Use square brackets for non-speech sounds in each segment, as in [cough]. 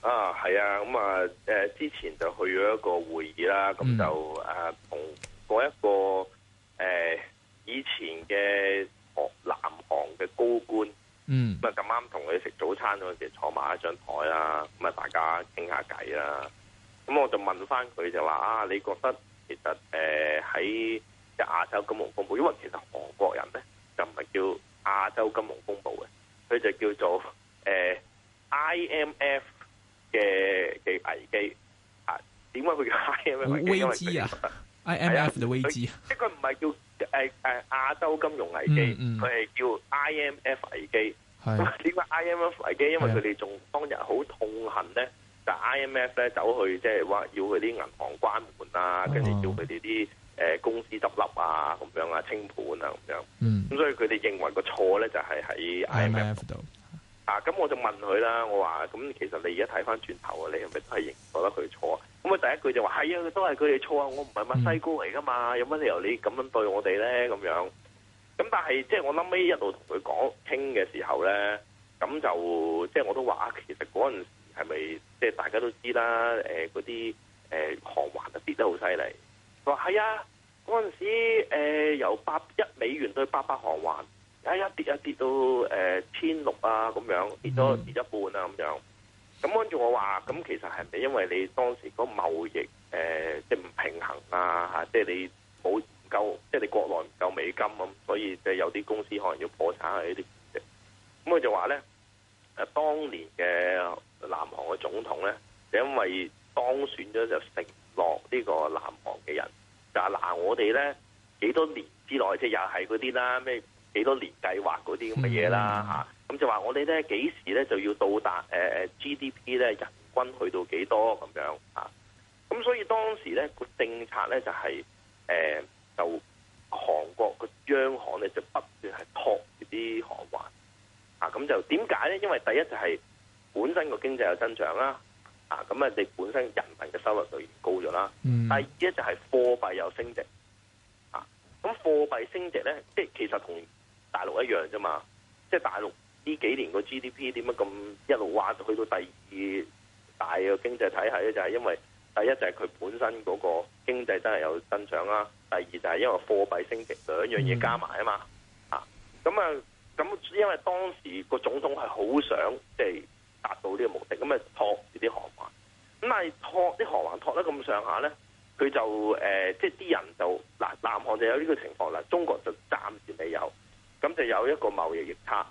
啊，係啊，咁啊，誒，之前就去咗一個會議啦，咁就誒同過一個誒以前嘅行南韓嘅高官，嗯，咁啊咁啱同佢食早餐陣時坐埋一張台啦，咁啊大家傾下偈啦，咁我就問翻佢就話啊，你覺得其實誒喺亞洲金融風暴，因為其實韓國人咧就唔係叫亞洲金融風暴嘅，佢就叫做誒 IMF。呃 IMF 嘅嘅危機啊？點解佢叫 IMF 嘅危機？啊、IMF 因 I M F 的危機，即係佢唔係叫誒誒亞洲金融危機，佢、mm-hmm. 係叫 I M F 危機。咁 [laughs] 點解 I M F 危機？因為佢哋仲當日好痛恨咧、yeah.，就 I M F 咧走去即係話要佢啲銀行關門、oh. 啊，跟住要佢哋啲誒公司執笠啊，咁樣啊清盤啊咁樣。嗯，咁所以佢哋認為個錯咧就係喺 I M F 度。啊，咁我就問佢啦，我話：咁其實你而家睇翻轉頭啊，你係咪都係認覺得佢錯啊？咁啊，第一句就話係啊，都係佢哋錯啊，我唔係墨西哥嚟噶嘛，有乜理由你咁樣對我哋咧？咁樣，咁但係即係我諗起一路同佢講傾嘅時候咧，咁就即係我都話，其實嗰陣時係咪即係大家都知啦？誒、呃，嗰啲誒韓圜啊跌得好犀利。佢話係啊，嗰陣時候、呃、由八一美元對八百韓圜。啊、一跌一跌到誒千六啊，咁樣跌咗跌一半啊，咁樣。咁跟住我話，咁其實係咪因為你當時個貿易誒即係唔平衡啊？嚇、啊，即、就、係、是、你冇夠，即、就、係、是、你國內唔夠美金咁、啊，所以即係有啲公司可能要破產啊。喺呢啲咁佢就話咧，誒、啊、當年嘅南韓嘅總統咧，就因為當選咗就承諾呢個南韓嘅人，就話嗱、啊、我哋咧幾多年之內即係又係嗰啲啦咩？幾多年計劃嗰啲咁嘅嘢啦吓，咁、嗯、就話我哋咧幾時咧就要到達誒、呃、GDP 咧人均去到幾多咁樣啊？咁所以當時咧個政策咧就係誒，就韓、是呃、國個央行咧就不斷係托住啲韓元啊。咁就點解咧？因為第一就係本身個經濟有增長啦，啊咁啊你本身人民嘅收入就高咗啦、嗯。第二就係貨幣有升值啊，咁貨幣升值咧，即係其實同。大陸一樣啫嘛，即係大陸呢幾年個 GDP 點解咁一路挖去到第二大嘅經濟體系咧，就係因為第一就係佢本身嗰個經濟真係有增長啦，第二就係因為貨幣升值兩樣嘢加埋啊嘛，嗯、啊咁啊咁，因為當時個總統係好想即係達到呢個目的，咁啊托住啲韓環，咁但係托啲韓環托得咁上下咧，佢就誒即係啲人就嗱南韓就有呢個情況啦，中國就暫時未有。就有一個貿易逆差，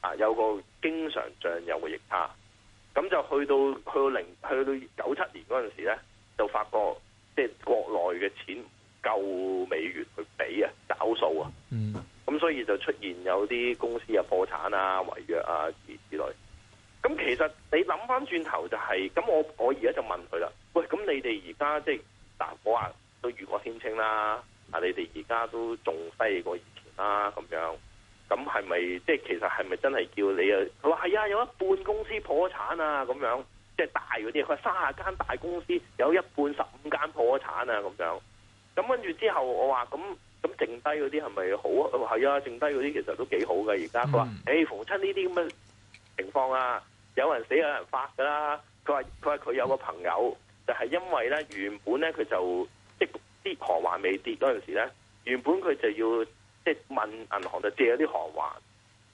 啊，有個經常帳有嘅逆差，咁就去到去到零去到九七年嗰陣時咧，就發覺即係國內嘅錢唔夠美元去畀啊，找數啊，嗯，咁所以就出現有啲公司啊破產啊違約啊之之類，咁其實你諗翻轉頭就係、是，咁我我而家就問佢啦，喂，咁你哋而家即係嗱、啊，我話都雨過天晴啦，啊，你哋而家都仲犀過。啊，咁樣，咁係咪即係其實係咪真係叫你啊？佢話係啊，有一半公司破產啊，咁樣，即係大嗰啲，佢話卅間大公司有一半十五間破產啊，咁樣。咁跟住之後我，我話咁咁剩低嗰啲係咪好？佢話係啊，剩低嗰啲其實都幾好嘅。而家佢話誒，逢親呢啲咁嘅情況啊，有人死有人發噶啦。佢話佢話佢有個朋友就係、是、因為咧，原本咧佢就即啲狂還未跌嗰陣時咧，原本佢就要。即係問銀行就借咗啲韓圜，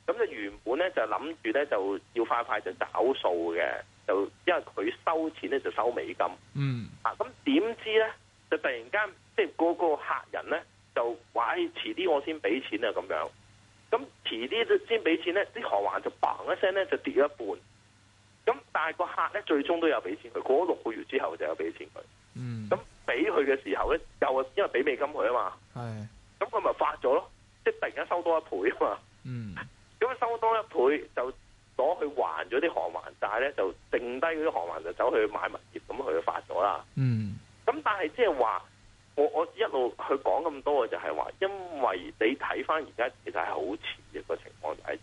咁就原本咧就諗住咧就要快快就找數嘅，就因為佢收錢咧就收美金，嗯，啊咁點知咧就突然間即係個個客人咧就話唉遲啲我先俾錢啊咁樣，咁遲啲先俾錢咧啲韓圜就砰一聲咧就跌咗一半，咁但係個客咧最終都有俾錢佢，過咗六個月之後就有俾錢佢，嗯，咁俾佢嘅時候咧又因為俾美金佢啊嘛，係，咁佢咪發咗咯。即突然間收多一倍啊嘛，咁、嗯、啊收多一倍就攞去還咗啲航環債咧，就剩低嗰啲航環就走去買物業，咁佢就發咗啦。咁、嗯、但係即係話，我我一路去講咁多嘅就係話，因為你睇翻而家其實係好遲嘅個情況就係、是，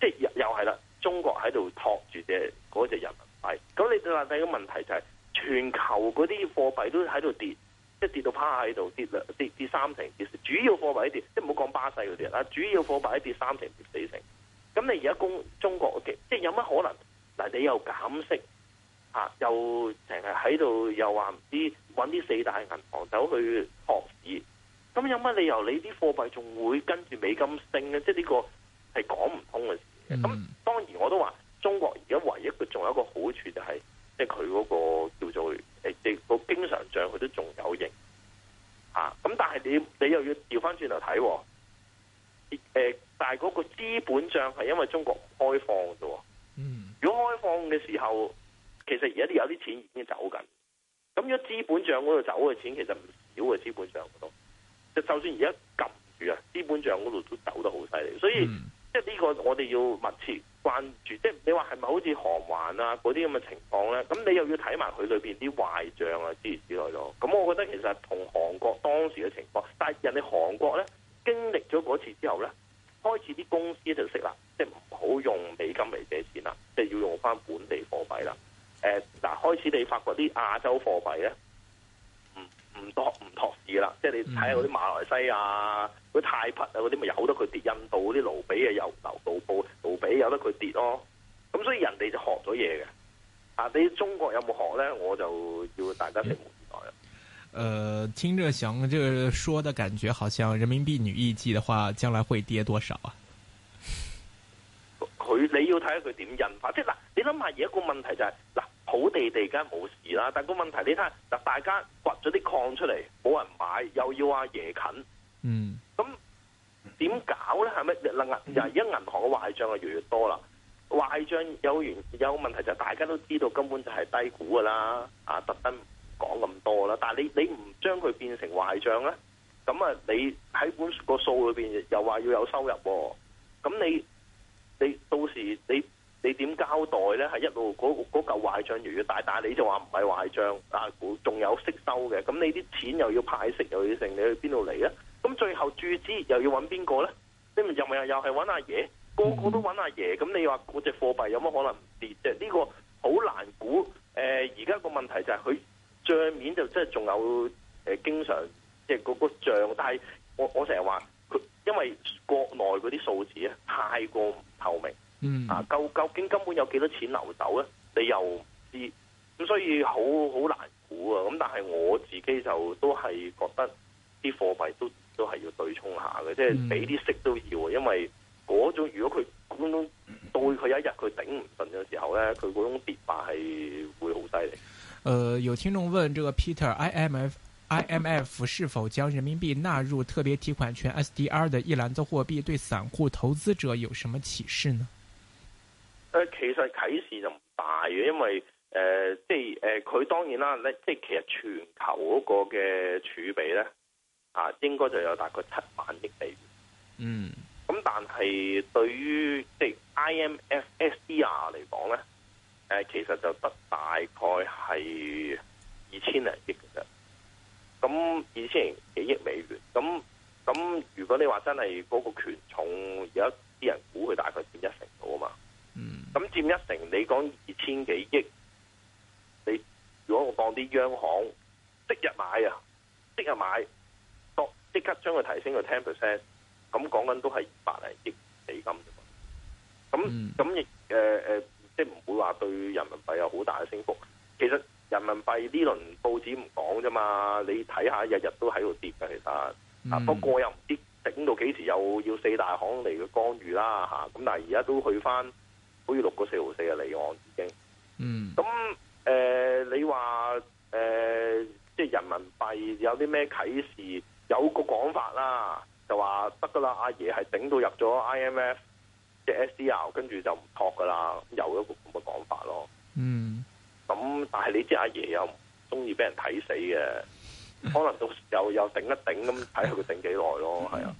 即係即又係啦，中國喺度托住嘅嗰隻人民幣。咁你嗱第二個問題就係、是，全球嗰啲貨幣都喺度跌。即係跌到趴喺度，跌兩跌跌三成跌四，主要貨幣跌，即係唔好講巴西嗰啲啊，主要貨幣跌三成跌四成。咁你而家供中國嘅，OK, 即係有乜可能嗱？你又減息啊？又成日喺度又話唔知揾啲四大銀行走去託市，咁有乜理由你啲貨幣仲會跟住美金升咧？即係呢個係講唔通嘅事。咁、嗯、當然我都話，中國而家唯一佢仲有一個好處就係、是，即係佢嗰個叫做。誒，個經常賬佢都仲有型。吓、啊、咁，但係你你又要調翻轉頭睇，誒、啊，但係嗰個資本賬係因為中國唔開放嘅，嗯，如果開放嘅時候，其實而家啲有啲錢已經走緊，咁如果資本賬嗰度走嘅錢其實唔少嘅，資本賬嗰度，就算而家撳住啊，資本賬嗰度都走得好犀利，所以。嗯即係呢個，我哋要密切關注。即係你話係咪好似韓環啊嗰啲咁嘅情況咧？咁你又要睇埋佢裏邊啲壞賬啊之類之類咯。咁我覺得其實同韓國當時嘅情況，但係人哋韓國咧經歷咗嗰次之後咧，開始啲公司就識啦，即係唔好用美金嚟借錢啦，即係要用返本地貨幣啦。誒、呃、嗱，開始你發覺啲亞洲貨幣咧。唔多唔托市啦，即係你睇下嗰啲馬來西亞、啲泰幣啊，嗰啲咪由得佢跌；印度嗰啲盧比啊，由頭到步、盧比由得佢跌咯。咁所以人哋就學咗嘢嘅。啊，你中國有冇學咧？我就要大家拭目以待啦。誒、嗯呃，聽着想，這個、說的感覺，好像人民幣女意季的話，將來會跌多少啊？佢你要睇下佢點印法。即係嗱，你諗下，而家一個問題就係、是、嗱。好地地梗係冇事啦，但個問題你睇下，嗱大家掘咗啲礦出嚟冇人買，又要阿爺近，嗯，咁點搞咧？係咪嗱嗱？而家銀行嘅壞賬係越越多啦，壞賬有原有問題就大家都知道，根本就係低估噶啦，啊，特登講咁多啦。但係你你唔將佢變成壞賬咧，咁啊，你喺本個數裏邊又話要有收入，咁你你到時你？你點交代咧？係一路嗰嗰嚿壞帳，如果大大你就話唔係壞帳，但係仲有息收嘅。咁你啲錢又要派息，又要剩，你去邊度嚟咧？咁最後注資又要搵邊個咧？你唔又咪又係搵阿爺？個個都搵阿爺。咁你話嗰隻貨幣有乜可能唔跌？其實呢個好難估。而家個問題就係佢帳面就真係仲有誒、呃、經常即係嗰個帳。但係我我成日話佢，因為國內嗰啲數字啊，太過唔透明。嗯，啊，究究竟根本有幾多錢流走咧？你又唔知，咁所以好好難估啊。咁但係我自己就都係覺得啲貨幣都是都係要對沖下嘅，即係俾啲息都要啊，因為嗰種如果佢對佢一日佢頂唔順嘅時候咧，佢嗰種跌法係會好犀利。呃，有聽眾問，這個 Peter，I M F I M F 是否將人民幣納入特別提款權 S D R 的一籃子貨幣，對散戶投資者有什麼啟示呢？誒，其實啟示就唔大嘅，因為誒、呃，即係誒，佢、呃、當然啦，咧即係其實全球嗰個嘅儲備咧，啊，應該就有大概七萬億美元。嗯。咁但係對於即係 IMF SDR 嚟講咧，誒、呃，其實就得大概係二千零億其實。咁二千零幾億美元，咁咁，如果你話真係嗰個權重，而家啲人估佢大概佔一成度啊嘛。嗯，咁佔一成，你講二千幾億，你如果我當啲央行即日買啊，即日買，當即刻將佢提升到 ten percent，咁講緊都係二百零億美金啫嘛。咁咁亦誒誒，即係唔會話對人民幣有好大嘅升幅。其實人民幣呢輪報紙唔講啫嘛，你睇下日日都喺度跌㗎，其實啊。不過又唔知頂到幾時又要四大行嚟干預啦吓。咁、啊、但係而家都去翻。好似六個四毫四嘅離岸已經，嗯，咁誒、呃、你話誒、呃、即係人民幣有啲咩啟示？有個講法啦，就話得㗎啦，阿爺係頂到入咗 IMF 即係 SDR，跟住就唔托㗎啦，有一個咁嘅講法咯。嗯，咁但係你知阿爺，爺又中意俾人睇死嘅，可能到時又又頂一頂咁睇佢，佢頂幾耐咯，係啊、嗯。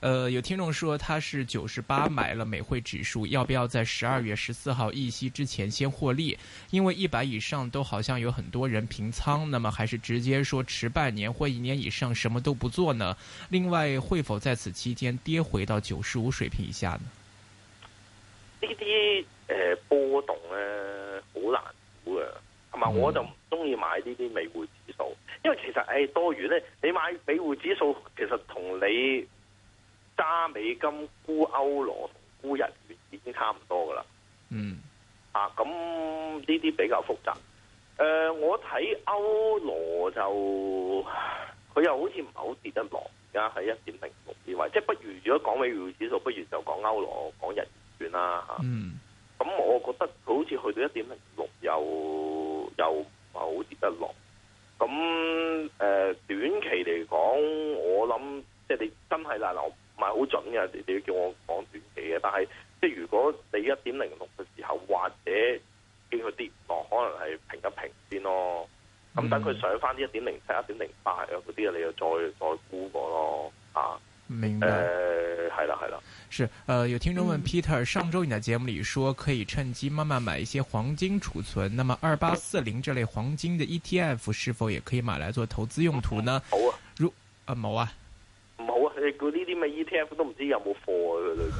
誒、呃，有聽眾說他是九十八買了美匯指數，要不要在十二月十四號議息之前先獲利？因為一百以上都好像有很多人平倉，那麼還是直接說持半年或一年以上什麼都不做呢？另外，會否在此期間跌回到九十五水平以下呢？呢啲、呃、波動咧、啊、好難估嘅，同埋我就唔中意買呢啲美匯指數，因為其實誒多餘呢。你買美匯指數其實同你。，加美金沽歐羅同沽日元已經差唔多噶啦，嗯，啊咁呢啲比較複雜，誒、呃、我睇歐羅就佢又好似唔係好跌得落，而家喺一點零六呢位，即係不如如果講美元指數，不如就講歐羅講日元算啦嚇，嗯，咁、啊、我覺得好似去到一點零六又又唔係好跌得落，咁誒、呃、短期嚟講，我諗即係你真係難唔係好準嘅，你你要叫我講短期嘅，但係即係如果你一點零六嘅時候，或者見佢跌落，可能係平一平先咯。咁等佢上翻啲一點零七、一點零八啊嗰啲啊，你又再再估過咯嚇。明白。誒係啦係啦。是，誒、呃、有聽眾問 Peter，上週你在節目裡說可以趁機慢慢買一些黃金儲存，那麼二八四零這類黃金嘅 ETF 是否也可以買來做投資用途呢？冇啊，如啊冇、呃、啊。你估呢啲咩 ETF 都唔知有冇貨喺佢裏邊？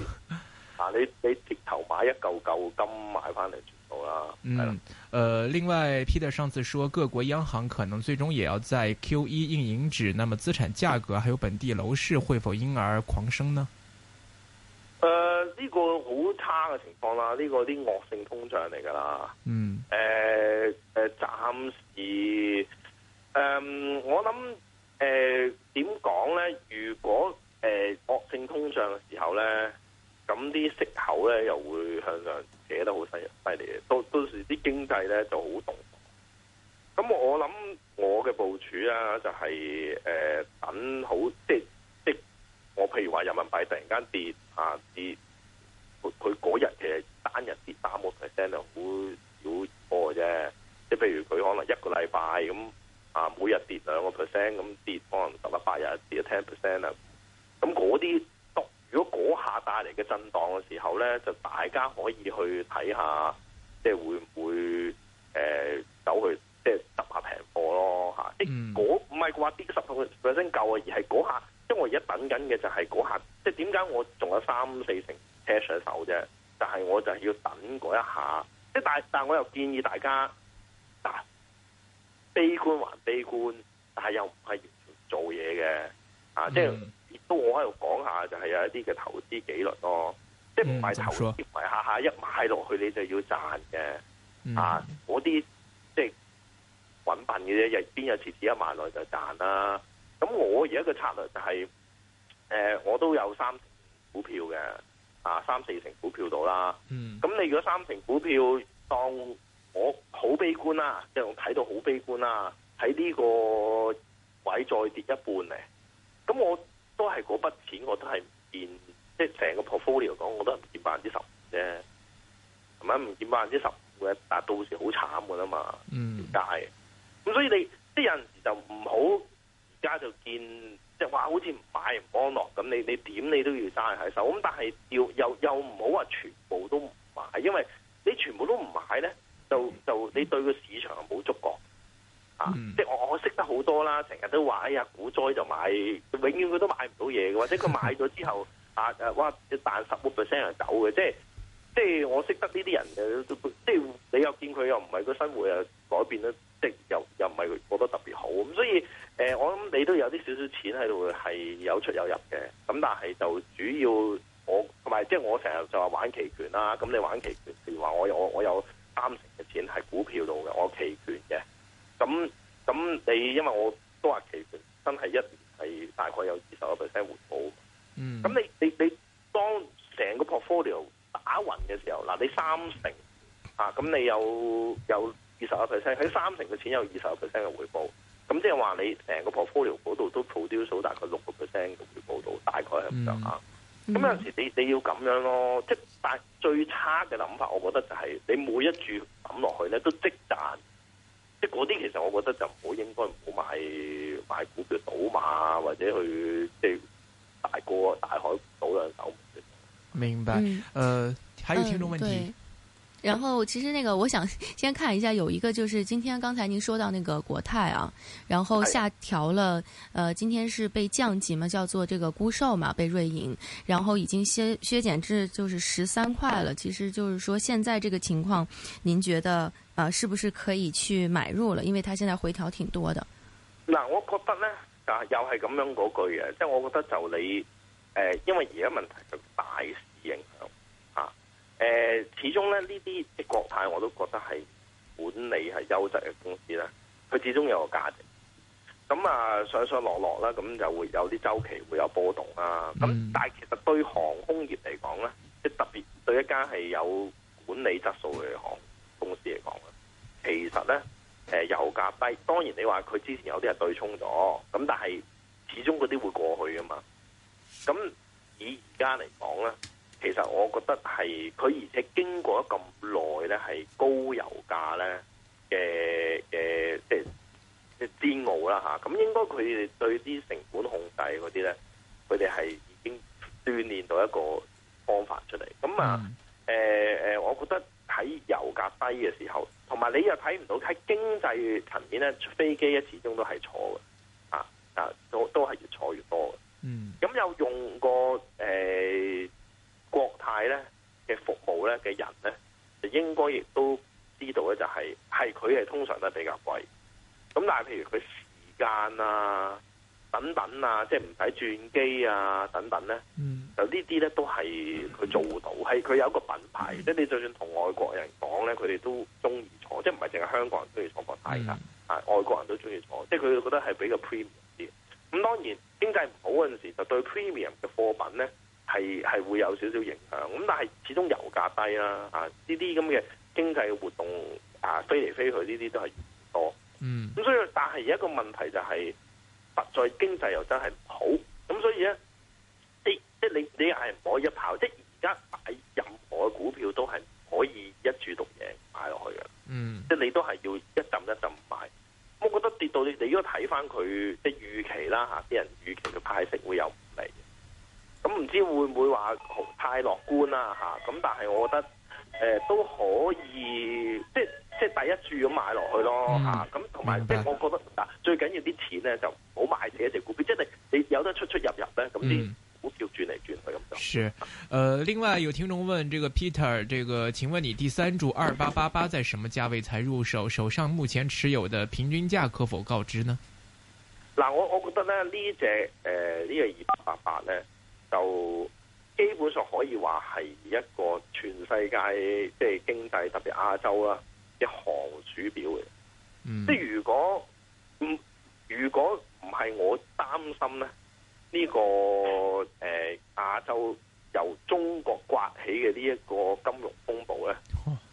你你直頭買一嚿嚿金買翻嚟全部啦，係啦。誒、嗯呃，另外 Peter 上次說，各國央行可能最終也要在 QE 印銀紙，那麼資產價格還有本地樓市會否因而狂升呢？誒、呃，呢、這個好差嘅情況啦，呢、這個啲惡性通脹嚟噶啦。嗯。誒、呃、誒、呃，暫時誒、呃，我諗。誒、呃，點講咧？如果誒惡、呃、性通脹嘅時候咧，咁啲息口咧又會向上扯得好犀犀利嘅，到到時啲經濟咧就好動蕩。咁我我諗我嘅部署啊，就係、是、誒、呃、等好，即係即我譬如話人民幣突然間跌啊跌，佢佢嗰日其實單日跌三 percent 都好少波嘅，即係譬如佢可能一個禮拜咁。啊，每日跌兩個 percent 咁跌，可能十日八日跌一 ten percent 啊。咁嗰啲，如果嗰下帶嚟嘅震盪嘅時候咧，就大家可以去睇下，即係會唔會誒、呃、走去即係執下平貨咯嚇。即嗰唔係話跌十個 percent 夠啊，而係嗰下，因為我而家等緊嘅就係嗰下，即係點解我仲有三四成 cash 喺手啫？但係我就係要等嗰一下。即係但係，但我又建議大家。啊。悲觀還悲觀，但係又唔係完全做嘢嘅，啊，即係亦都我喺度講下，就係、是、有一啲嘅投資紀律咯，即係唔係投資唔係下下一買落去你就要賺嘅、嗯，啊，嗰啲即係搵笨嘅啫，又邊有次次一萬內就賺啦？咁我而家嘅策略就係、是，誒、呃，我都有三成股票嘅，啊，三四成股票度啦，咁、嗯、你如果三成股票當。我好悲觀啦，啊，即係我睇到好悲觀啦，啊，睇呢個位再跌一半咧。咁我都係嗰筆錢我不，就是，我都係唔見，即係成個 portfolio 嚟講，我都係唔見百分之十啫。係咪唔見百分之十五嘅？但到時好慘噶啦嘛。嗯，點解？係咁，所以你即係有陣時就唔好而家就見，即係話好似買唔安樂咁，你你點你都要揸喺手。咁但係要又又唔好話全部都唔買，因為你全部都唔買咧。就就你對個市場冇觸覺、嗯、啊！即係我我識得好多啦，成日都話：哎呀，股災就買，永遠佢都買唔到嘢嘅。或者佢買咗之後啊誒、啊，哇彈十個 percent 走嘅。即係即係我識得呢啲人，即係你又見佢又唔係個生活又改變得即又又唔係過得特別好咁。所以誒、呃，我諗你都有啲少少錢喺度係有出有入嘅。咁但係就主要我同埋即係我成日就話玩期權啦。咁你玩期權譬如話我我我有三成。係股票度嘅，我期權嘅，咁咁你因為我都話期權真係一年係大概有二十個 percent 回報，嗯、mm.，咁你你你當成個 portfolio 打勻嘅時候，嗱你三成啊，咁你有有二十個 percent 喺三成嘅錢有二十個 percent 嘅回報，咁即係話你成個 portfolio 嗰度都 produce 到大概六個 percent 嘅回報度，大概係咁上下。咁、mm. mm. 有陣時候你你要咁樣咯，即但最差嘅諗法，我覺得就係你每一注諗落去咧，都即賺，即嗰啲其實我覺得就唔好，應該唔好買買股票賭馬啊，或者去即大個大海賭兩手。明白，誒、嗯，仲有聽眾問題。然後其實那個，我想先看一下，有一個就是今天剛才您說到那個國泰啊，然後下調了，呃，今天是被降級嘛，叫做這個沽售嘛，被瑞銀，然後已經削削減至就是十三塊了。其實就是說現在這個情況，您覺得啊、呃，是不是可以去買入了？因為它現在回調挺多的。那我覺得呢，啊，又係咁樣嗰句嘅，即係我覺得就你，誒、呃，因為而家問題就大。誒，始終咧，呢啲，即國泰，我都覺得係管理係優質嘅公司咧，佢始終有個價值。咁啊，上上落落啦，咁就會有啲周期會有波動啦。咁但係其實對航空業嚟講咧，即、就是、特別對一間係有管理質素嘅航空公司嚟講咧，其實咧，誒、呃、油價低，當然你話佢之前有啲係對沖咗，咁但係始終嗰啲會過去噶嘛。咁以而家嚟講咧。其實我覺得係佢，而且經過咗咁耐咧，係高油價咧嘅嘅，即係即係煎熬啦吓。咁、呃啊、應該佢哋對啲成本控制嗰啲咧，佢哋係已經鍛煉到一個方法出嚟。咁啊，誒、呃、誒，我覺得喺油價低嘅時候，同埋你又睇唔到喺經濟層面咧，飛機咧始終都係坐嘅，啊啊，都都係越坐越多嘅。嗯，咁有用過誒。呃國泰咧嘅服務咧嘅人咧，就應該亦都知道咧，就係係佢係通常都係比較貴。咁但係譬如佢時間啊、等等啊，即係唔使轉機啊等等咧，就呢啲咧都係佢做到。係、嗯、佢有一個品牌，即、嗯、係你就算同外國人講咧，佢哋都中意坐，即係唔係淨係香港人中意坐國泰噶，係、嗯、外國人都中意坐，即係佢覺得係比較 premium 啲。咁當然經濟唔好嗰陣時，就對 premium 嘅貨品咧。係係會有少少影響，咁但係始終油價低啦，啊呢啲咁嘅經濟活動啊飛嚟飛去呢啲都係多，嗯，咁所以但係而家個問題就係、是、實在經濟又真係唔好，咁所以咧，即即你你係唔可，就是、可以一炮，即而家買任何嘅股票都係可以一注獨贏買落去嘅，嗯，即、就是、你都係要一浸一浸買，我覺得跌到你你應該睇翻佢即預期啦，嚇、啊、啲人預期嘅派息會有。咁唔知會唔會話太樂觀啦？嚇咁，但係我覺得誒、呃、都可以，即即第一注咁買落去咯嚇。咁同埋，即係、嗯、我覺得嗱，最緊要啲錢咧就唔好買死一隻股票，即係你你有得出出入入咧，咁啲股票轉嚟轉去咁就。是，誒、呃，另外有聽眾問：，這個 Peter，這個請問你第三注二八八八在什麼價位才入手？手上目前持有的平均價可否告知呢？嗱、嗯呃這個， [laughs] 我我覺得咧呢隻誒、這個呃這個、呢個二八八八咧。就基本上可以話係一個全世界即係經濟，特別亞洲啦，一行鼠標嘅。嗯，即係如果唔如果唔係我擔心咧呢、呢個誒亞、呃、洲由中國颳起嘅呢一個金融風暴咧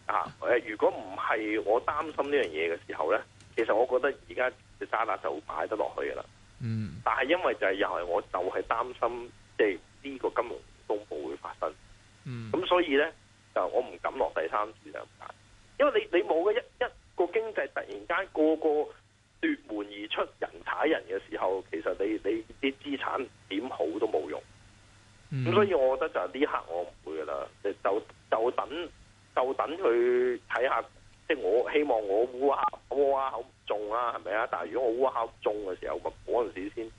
啊誒，如果唔係我擔心呢樣嘢嘅時候咧，其實我覺得而家就渣打就擺得落去噶啦。嗯，但係因為就係又係我就係擔心即係。就是呢、這個金融風暴會發生，嗯，咁所以咧就我唔敢落第三次兩板，因為你你冇一一個經濟突然間個個奪門而出人踩人嘅時候，其實你你啲資產點好都冇用，咁、嗯、所以我覺得就呢刻我唔會噶啦，就就等就等佢睇下，即、就是、我希望我烏鴉烏鴉好唔中啊，係咪啊？但係如果我烏鴉中嘅時候，嗰陣時先。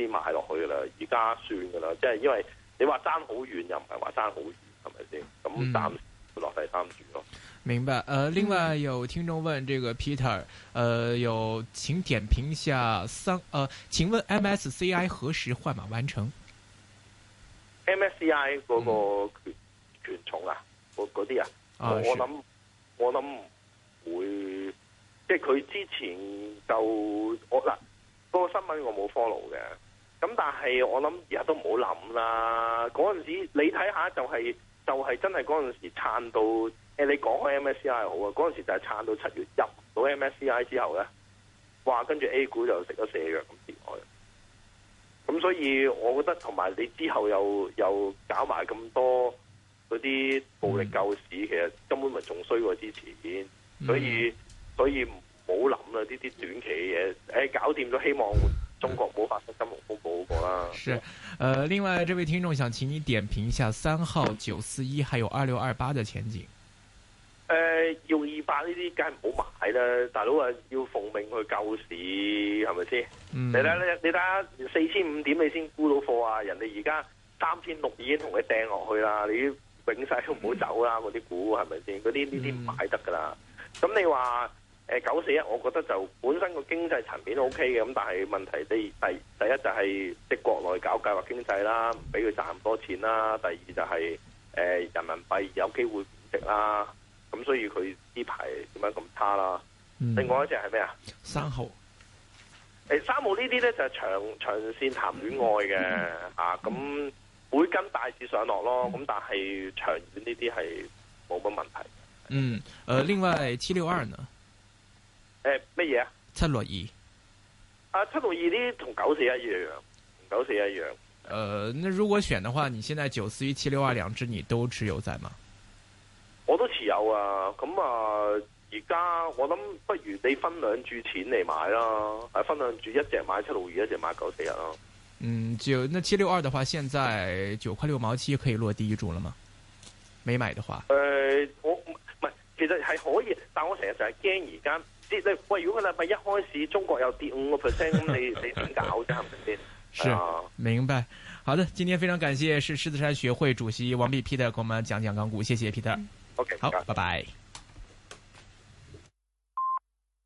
啲買落去噶啦，而家算噶啦，即係因為你話爭好遠又唔係話爭好遠，係咪先？咁暫時落第三住咯、嗯。明白。誒、呃，另外有聽眾問，這個 Peter，誒、呃，有請點評一下三。誒、呃，請問 MSCI 何時換馬完成？MSCI 嗰個權、嗯、權重啊，嗰啲啊，啊，我諗我諗會，即係佢之前就我嗱嗰、那個新聞我冇 follow 嘅。咁但係我諗而家都唔好諗啦。嗰陣時你睇下就係就係真係嗰陣時撐到誒，你講開 MSCI 好啊。嗰陣時就係撐到七月入到 MSCI 之後咧，話跟住 A 股就食咗瀉藥咁跌開。咁所以我覺得同埋你之後又又搞埋咁多嗰啲暴力救市，嗯、其實根本咪仲衰過之前。所以所以唔好諗啦，呢啲短期嘅嘢誒，搞掂咗希望。中國冇發生金融風暴嗰個啦。是，呃，另外，這位聽眾想請你點評一下三號九四一還有二六二八嘅前景。誒、呃，用二百呢啲梗係唔好買啦，大佬啊，要奉命去救市係咪先？你睇你睇下，四千五點你先沽到貨啊！人哋而家三千六已經同佢掟落去啦，你永世都唔好走啦，嗰啲股係咪先？嗰啲呢啲買得噶啦。咁、嗯、你話？誒、呃，九四一，我覺得就本身個經濟層面都 OK 嘅，咁但係問題第第一第一就係即係國內搞計劃經濟啦，唔俾佢賺咁多錢啦，第二就係、是、誒、呃、人民幣有機會貶值啦，咁所以佢呢排點樣咁差啦、嗯。另外一隻係咩啊？三號，誒、欸，三號呢啲咧就是、長長線談戀愛嘅，吓、嗯、咁、啊、會跟大市上落咯，咁但係長遠呢啲係冇乜問題。嗯，誒、呃，另外 T 六二呢？誒，乜嘢啊？七六二，啊，七六二啲同九四一一樣，同九四一一樣。誒、呃，那如果選的話，你現在九四一七六二兩隻，你都持有在嗎？我都持有啊，咁、嗯、啊，而家我諗不如你分兩注錢嚟買啦，誒，分兩注一隻買七六二，一隻買九四一啊。嗯，就那七六二的話，現在九塊六毛七可以落第一注了嗎？沒買的話，誒、呃，我唔唔係，其實係可以，但我成日就係驚而家。即係喂，如果禮拜一開始中國有跌五個 percent，咁你你點搞啫？係 [laughs] 咪先？是，uh, 明白。好的，今天非常感謝是獅子山學會主席王弼 Peter，給我們講講港股，謝謝 Peter。OK，好，拜拜。